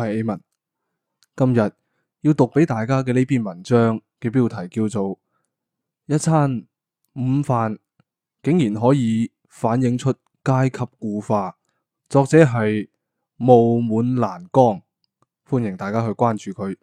係 A 文，今日要讀俾大家嘅呢篇文章嘅標題叫做《一餐午飯竟然可以反映出階級固化》，作者係霧滿攔江，歡迎大家去關注佢，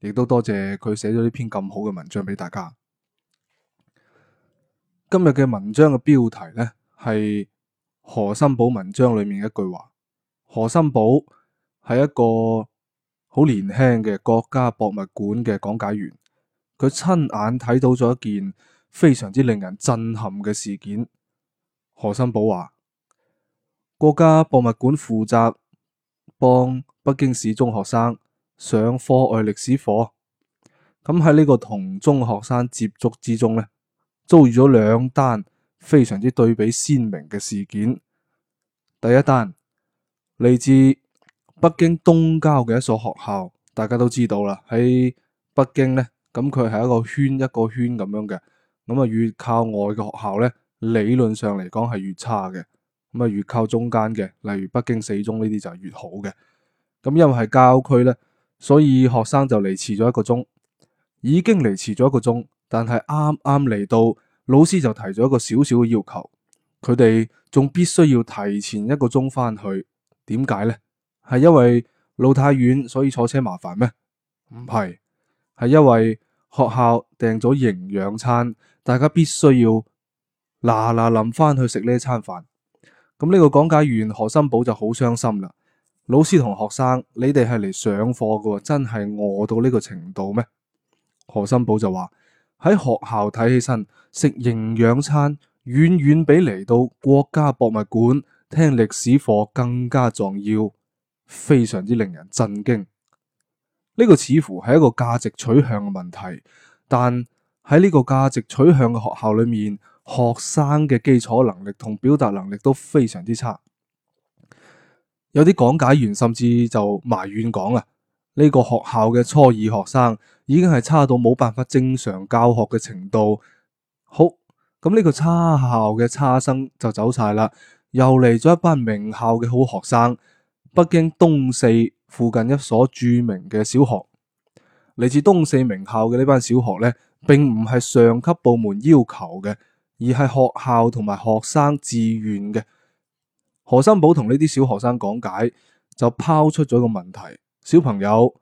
亦都多謝佢寫咗呢篇咁好嘅文章俾大家。今日嘅文章嘅標題呢係河森堡文章裏面一句話，河森堡。係一個好年輕嘅國家博物館嘅講解員，佢親眼睇到咗一件非常之令人震撼嘅事件。河森堡話：國家博物館負責幫北京市中學生上課外歷史課，咁喺呢個同中學生接觸之中呢，遭遇咗兩單非常之對比鮮明嘅事件。第一單嚟自。北京東郊嘅一所學校，大家都知道啦。喺北京咧，咁佢係一個圈一個圈咁樣嘅。咁啊，越靠外嘅學校咧，理論上嚟講係越差嘅。咁啊，越靠中間嘅，例如北京四中呢啲就係越好嘅。咁因為係郊區咧，所以學生就嚟遲咗一個鐘，已經嚟遲咗一個鐘。但係啱啱嚟到，老師就提咗一個小小嘅要求，佢哋仲必須要提前一個鐘返去。點解咧？係因為路太遠，所以坐車麻煩咩？唔係，係因為學校訂咗營養餐，大家必須要嗱嗱淋翻去食呢一餐飯。咁呢個講解員河森堡就好傷心啦。老師同學生，你哋係嚟上課噶，真係餓到呢個程度咩？河森堡就話喺學校睇起身食營養餐，遠遠比嚟到國家博物館聽歷史課更加重要。非常之令人震驚，呢個似乎係一個價值取向嘅問題，但喺呢個價值取向嘅學校裏面，學生嘅基礎能力同表達能力都非常之差，有啲講解員甚至就埋怨講啊，呢個學校嘅初二學生已經係差到冇辦法正常教學嘅程度。好，咁呢個差校嘅差生就走晒啦，又嚟咗一班名校嘅好學生。北京東四附近一所著名嘅小學，嚟自東四名校嘅呢班小學咧，並唔係上級部門要求嘅，而係學校同埋學生自願嘅。河森堡同呢啲小學生講解，就拋出咗一個問題：小朋友，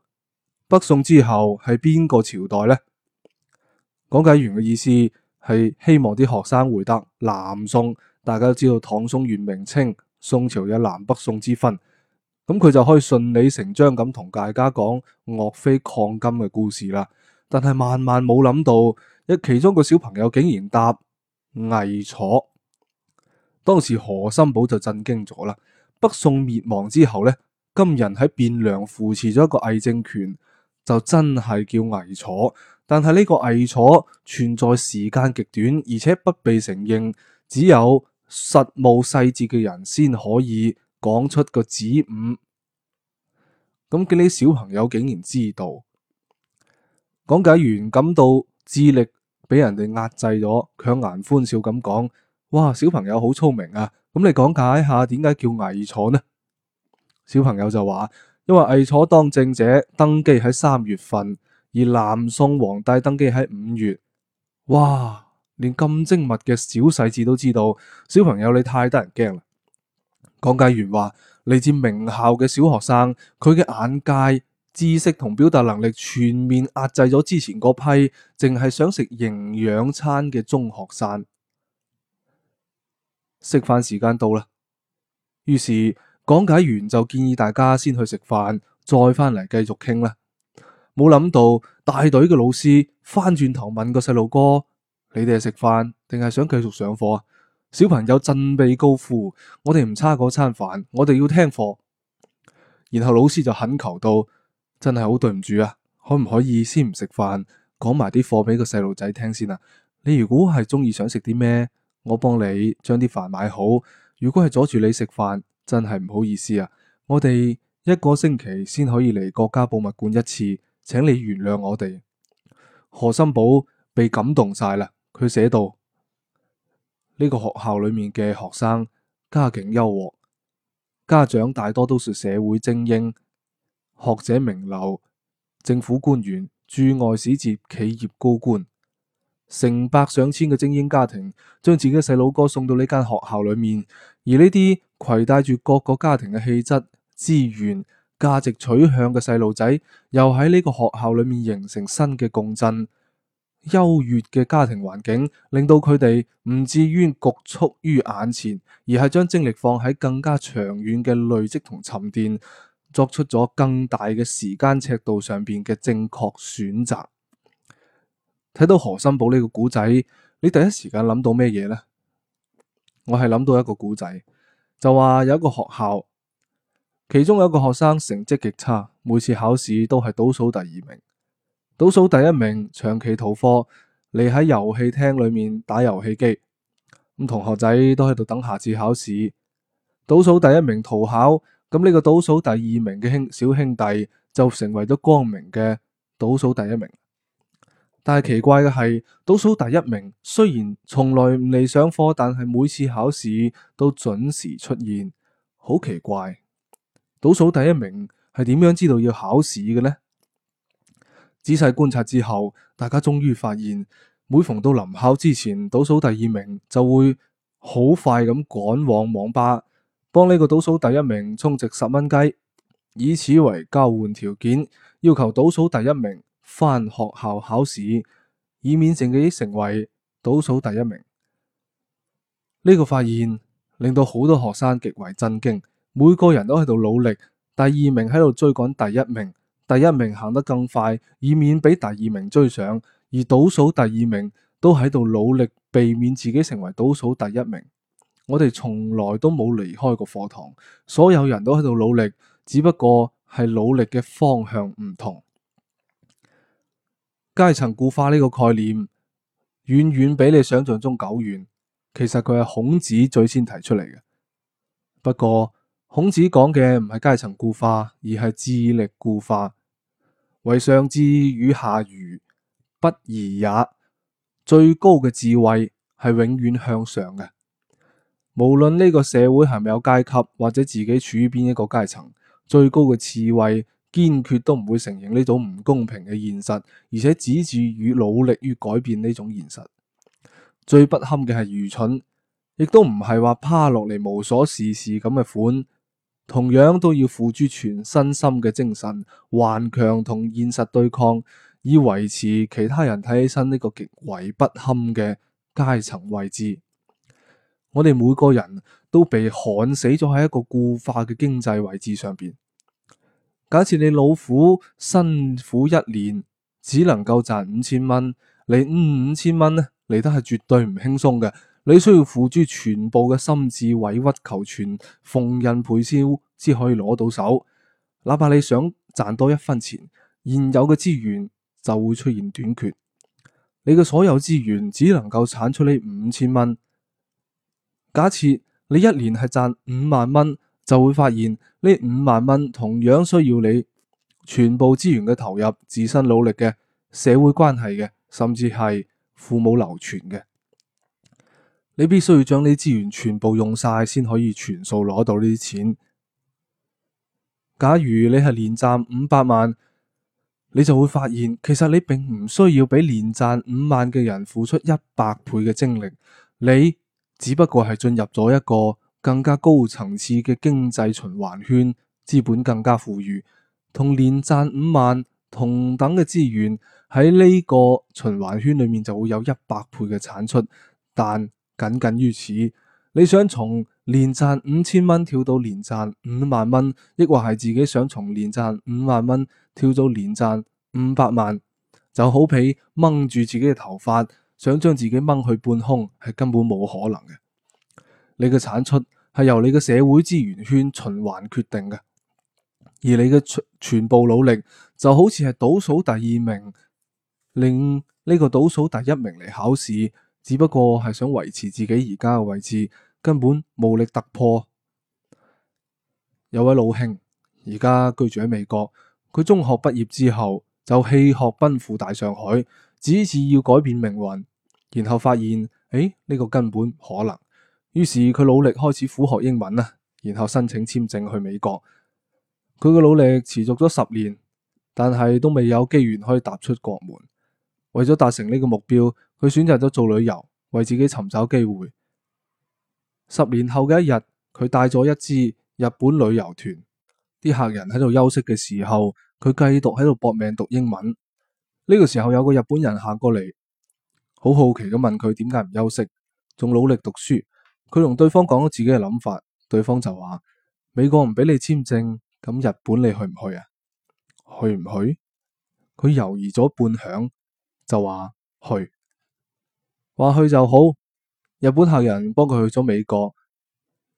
北宋之後係邊個朝代咧？講解員嘅意思係希望啲學生回答南宋。大家都知道唐宋元明清，宋朝有南北宋之分。咁佢就可以順理成章咁同大家講岳飛抗金嘅故事啦。但係萬萬冇諗到，一其中一個小朋友竟然答偽楚。當時河森堡就震驚咗啦。北宋滅亡之後呢，金人喺汴梁扶持咗一個偽政權，就真係叫偽楚。但係呢個偽楚存在時間極短，而且不被承認，只有實務細節嘅人先可以。講出個子午，咁見啲小朋友竟然知道，講解員感到智力俾人哋壓制咗，強顏歡笑咁講：哇，小朋友好聰明啊！咁你講解下點解叫魏楚呢？小朋友就話：因為魏楚當政者登基喺三月份，而南宋皇帝登基喺五月。哇，連咁精密嘅小細節都知道，小朋友你太得人驚啦！講解員話：嚟自名校嘅小學生，佢嘅眼界、知識同表達能力全面壓制咗之前嗰批淨係想食營養餐嘅中學生。食飯時間到啦，於是講解員就建議大家先去食飯，再翻嚟繼續傾啦。冇諗到帶隊嘅老師翻轉頭問個細路哥：你哋係食飯定係想繼續上課啊？小朋友振臂高呼：我哋唔差嗰餐飯，我哋要聽課。然後老師就懇求道：真係好對唔住啊，可唔可以先唔食飯，講埋啲課畀個細路仔聽先啊？你如果係鍾意想食啲咩，我幫你將啲飯買好。如果係阻住你食飯，真係唔好意思啊。我哋一個星期先可以嚟國家博物館一次，請你原諒我哋。河森堡被感動晒啦，佢寫道。呢個學校裏面嘅學生家境優渥，家長大多都是社會精英、學者名流、政府官員、駐外使節、企業高官，成百上千嘅精英家庭將自己嘅細佬哥送到呢間學校裏面，而呢啲攜帶住各個家庭嘅氣質、資源、價值取向嘅細路仔，又喺呢個學校裏面形成新嘅共振。優越嘅家庭環境令到佢哋唔至於局促於眼前，而係將精力放喺更加長遠嘅累積同沉澱，作出咗更大嘅時間尺度上邊嘅正確選擇。睇到河森堡呢個古仔，你第一時間諗到咩嘢呢？我係諗到一個古仔，就話有一個學校，其中有一個學生成績極差，每次考試都係倒數第二名。倒數第一名長期逃課，你喺遊戲廳裏面打遊戲機，咁同學仔都喺度等下次考試。倒數第一名逃考，咁呢個倒數第二名嘅兄小兄弟就成為咗光明嘅倒數第一名。但係奇怪嘅係，倒數第一名雖然從來唔嚟上課，但係每次考試都準時出現，好奇怪。倒數第一名係點樣知道要考試嘅呢？仔細觀察之後，大家終於發現，每逢到臨考之前，倒數第二名就會好快咁趕往網吧，幫呢個倒數第一名充值十蚊雞，以此為交換條件，要求倒數第一名返學校考試，以免自己成為倒數第一名。呢個發現令到好多學生極為震驚，每個人都喺度努力，第二名喺度追趕第一名。第一名行得更快，以免俾第二名追上；而倒數第二名都喺度努力避免自己成為倒數第一名。我哋從來都冇離開過課堂，所有人都喺度努力，只不過係努力嘅方向唔同。階層固化呢個概念，遠遠比你想象中久遠。其實佢係孔子最先提出嚟嘅，不過孔子講嘅唔係階層固化，而係智力固化。為上智與下愚不疑也，最高嘅智慧係永遠向上嘅。無論呢個社會係咪有階級，或者自己處於邊一個階層，最高嘅智慧堅決都唔會承認呢種唔公平嘅現實，而且只注於努力於改變呢種現實。最不堪嘅係愚蠢，亦都唔係話趴落嚟無所事事咁嘅款。同樣都要付諸全身心嘅精神，頑強同現實對抗，以維持其他人睇起身呢個極為不堪嘅階層位置。我哋每個人都被焊死咗喺一個固化嘅經濟位置上邊。假設你老虎辛苦一年，只能夠賺五千蚊，你五、嗯、五千蚊咧，你都係絕對唔輕鬆嘅。你需要付諸全部嘅心智委屈求全，逢迎賠笑，先可以攞到手。哪怕你想賺多一分錢，現有嘅資源就會出現短缺。你嘅所有資源只能夠產出呢五千蚊。假設你一年係賺五萬蚊，就會發現呢五萬蚊同樣需要你全部資源嘅投入，自身努力嘅，社會關係嘅，甚至係父母流傳嘅。你必須要將你資源全部用晒，先可以全數攞到呢啲錢。假如你係年賺五百萬，你就會發現其實你並唔需要俾年賺五萬嘅人付出一百倍嘅精力。你只不過係進入咗一個更加高層次嘅經濟循環圈，資本更加富裕，同年賺五萬同等嘅資源喺呢個循環圈裡面就會有一百倍嘅產出，但僅僅於此，你想從年賺五千蚊跳到年賺五萬蚊，抑或係自己想從年賺五萬蚊跳到年賺五百萬，就好比掹住自己嘅頭髮，想將自己掹去半空，係根本冇可能嘅。你嘅產出係由你嘅社會資源圈循環決定嘅，而你嘅全全部努力就好似係倒數第二名，令呢個倒數第一名嚟考試。只不過係想維持自己而家嘅位置，根本無力突破。有位老兄而家居住喺美國，佢中學畢業之後就棄學奔赴大上海，指意要改變命運。然後發現誒呢、欸呢個根本可能，於是佢努力開始苦學英文啦，然後申請簽證去美國。佢嘅努力持續咗十年，但係都未有機緣可以踏出國門。為咗達成呢個目標。佢選擇咗做旅遊，為自己尋找機會。十年後嘅一日，佢帶咗一支日本旅遊團，啲客人喺度休息嘅時候，佢繼續喺度搏命讀英文。呢個時候有個日本人行過嚟，好好奇咁問佢點解唔休息，仲努力讀書。佢同對方講咗自己嘅諗法，對方就話：美國唔俾你簽證，咁日本你去唔去啊？去唔去？佢猶豫咗半晌，就話去。話去就好，日本客人幫佢去咗美國，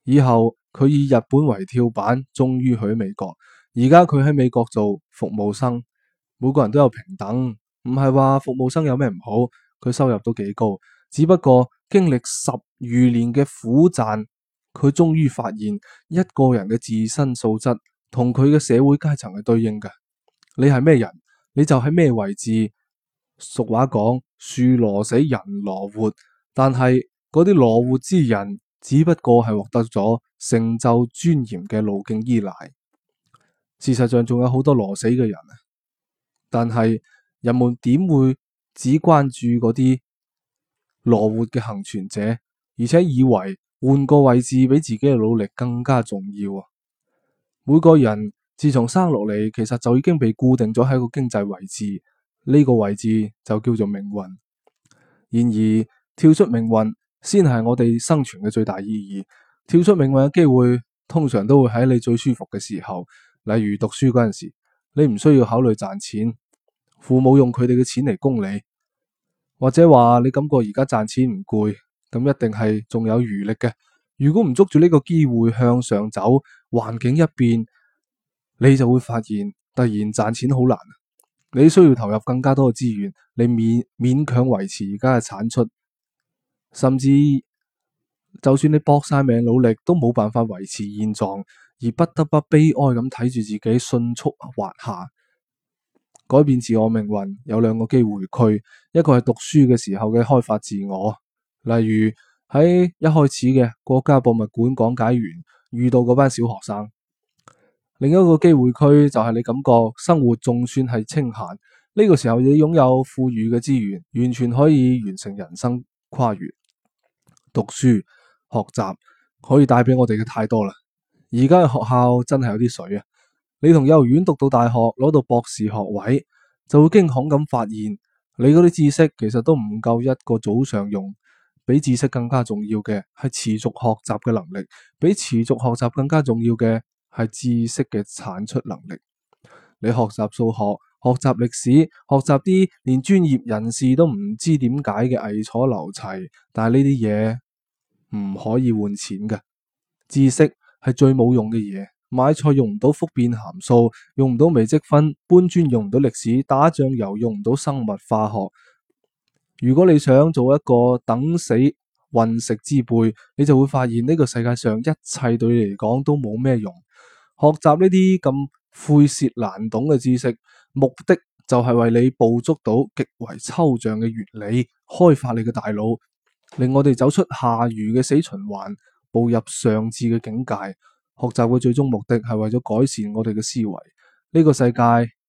以後佢以日本為跳板，終於去美國。而家佢喺美國做服務生，每個人都有平等，唔係話服務生有咩唔好，佢收入都幾高。只不過經歷十餘年嘅苦賺，佢終於發現一個人嘅自身素質同佢嘅社會階層係對應嘅，你係咩人，你就喺咩位置。俗話講，樹挪死人挪活，但係嗰啲挪活之人只不過係獲得咗成就尊嚴嘅路徑依賴。事實上仲有好多挪死嘅人，但係人們點會只關注嗰啲挪活嘅倖存者，而且以為換個位置比自己嘅努力更加重要啊？每個人自從生落嚟，其實就已經被固定咗喺個經濟位置。呢個位置就叫做命運。然而，跳出命運先係我哋生存嘅最大意義。跳出命運嘅機會，通常都會喺你最舒服嘅時候，例如讀書嗰陣時，你唔需要考慮賺錢，父母用佢哋嘅錢嚟供你，或者話你感覺而家賺錢唔攰，咁一定係仲有餘力嘅。如果唔捉住呢個機會向上走，環境一變，你就會發現突然賺錢好難。你需要投入更加多嘅資源，你勉勉強維持而家嘅產出，甚至就算你搏晒命努力，都冇辦法維持現狀，而不得不悲哀咁睇住自己迅速滑下，改變自我命運有兩個機會區，一個係讀書嘅時候嘅開發自我，例如喺一開始嘅國家博物館講解員遇到嗰班小學生。另一個機會區就係你感覺生活仲算係清閒，呢個時候，你擁有富裕嘅資源，完全可以完成人生跨越。讀書學習可以帶俾我哋嘅太多啦。而家嘅學校真係有啲水啊！你從幼兒園讀到大學，攞到博士學位，就會驚恐咁發現，你嗰啲知識其實都唔夠一個早上用。比知識更加重要嘅係持續學習嘅能力，比持續學習更加重要嘅。係知識嘅產出能力。你學習數學、學習歷史、學習啲連專業人士都唔知點解嘅偽楚流齊，但係呢啲嘢唔可以換錢嘅。知識係最冇用嘅嘢。買菜用唔到複變函數，用唔到微積分；搬磚用唔到歷史，打醬油用唔到生物化學。如果你想做一個等死混食之輩，你就會發現呢個世界上一切對你嚟講都冇咩用。學習呢啲咁晦澀難懂嘅知識，目的就係為你捕捉到極為抽象嘅原理，開發你嘅大腦，令我哋走出下愚嘅死循環，步入上智嘅境界。學習嘅最終目的係為咗改善我哋嘅思維。呢個世界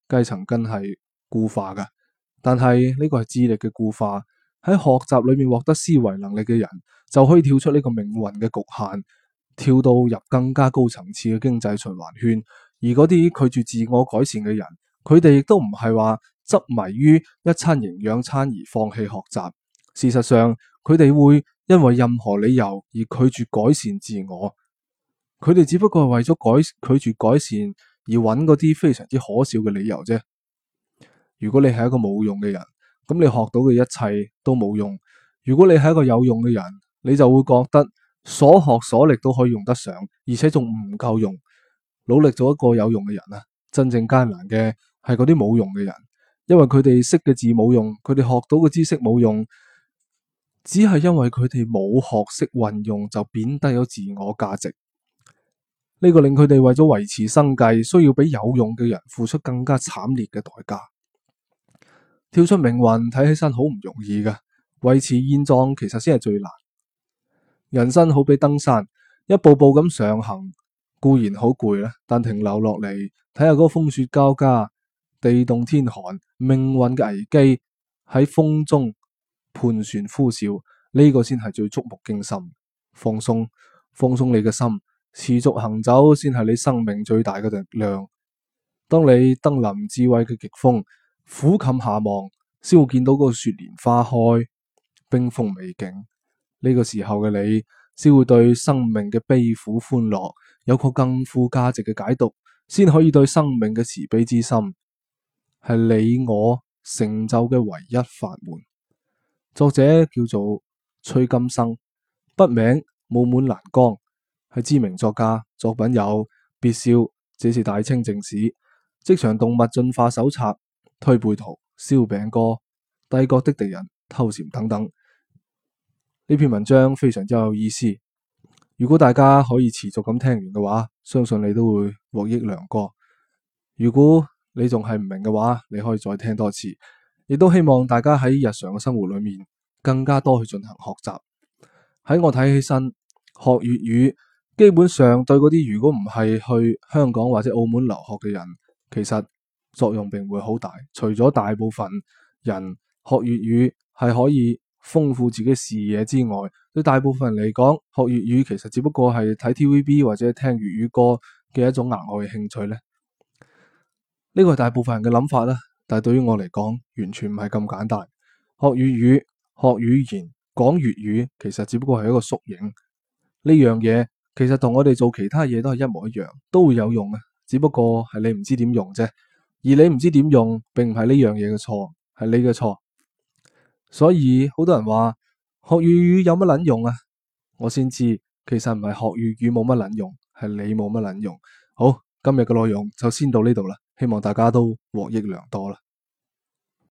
階層根係固化嘅，但係呢個係智力嘅固化。喺學習裏面獲得思維能力嘅人，就可以跳出呢個命運嘅局限。跳到入更加高層次嘅經濟循環圈，而嗰啲拒絕自我改善嘅人，佢哋亦都唔係話執迷於一餐營養餐而放棄學習。事實上，佢哋會因為任何理由而拒絕改善自我。佢哋只不過係為咗改拒絕改善而揾嗰啲非常之可笑嘅理由啫。如果你係一個冇用嘅人，咁你學到嘅一切都冇用。如果你係一個有用嘅人，你就會覺得。所學所力都可以用得上，而且仲唔夠用。努力做一個有用嘅人啊！真正艱難嘅係嗰啲冇用嘅人，因為佢哋識嘅字冇用，佢哋學到嘅知識冇用，只係因為佢哋冇學識運用，就貶低咗自我價值。呢個令佢哋為咗維持生計，需要俾有用嘅人付出更加慘烈嘅代價。跳出命運睇起身好唔容易嘅，維持現狀其實先係最難。人生好比登山，一步步咁上行，固然好攰咧，但停留落嚟睇下嗰個風雪交加、地凍天寒、命運嘅危機喺風中盤旋呼嘯，呢、這個先係最觸目驚心。放鬆，放鬆你嘅心，持續行走先係你生命最大嘅力量。當你登臨智慧嘅極峰，俯瞰下望，先會見到嗰個雪蓮花開、冰封美景。呢個時候嘅你，先會對生命嘅悲苦歡樂有個更富價值嘅解讀，先可以對生命嘅慈悲之心係你我成就嘅唯一法門。作者叫做崔金生，筆名霧滿攔江，係知名作家，作品有《別笑》，這是大清正史《職場動物進化手冊》《推背圖》《燒餅歌》《帝國的敵人》《偷禪》等等。呢篇文章非常之有意思，如果大家可以持續咁聽完嘅話，相信你都會獲益良多。如果你仲係唔明嘅話，你可以再聽多次，亦都希望大家喺日常嘅生活裏面更加多去進行學習。喺我睇起身，學粵語基本上對嗰啲如果唔係去香港或者澳門留學嘅人，其實作用並會好大。除咗大部分人學粵語係可以。豐富自己視野之外，對大部分人嚟講，學粵語其實只不過係睇 TVB 或者聽粵語歌嘅一種額外嘅興趣呢。呢個係大部分人嘅諗法啦、啊。但係對於我嚟講，完全唔係咁簡單。學粵語、學語言、講粵語，其實只不過係一個縮影。呢樣嘢其實同我哋做其他嘢都係一模一樣，都會有用嘅、啊。只不過係你唔知點用啫。而你唔知點用，並唔係呢樣嘢嘅錯，係你嘅錯。所以好多人話學粵語有乜捻用啊？我先知，其實唔係學粵語冇乜捻用，係你冇乜捻用。好，今日嘅內容就先到呢度啦，希望大家都獲益良多啦。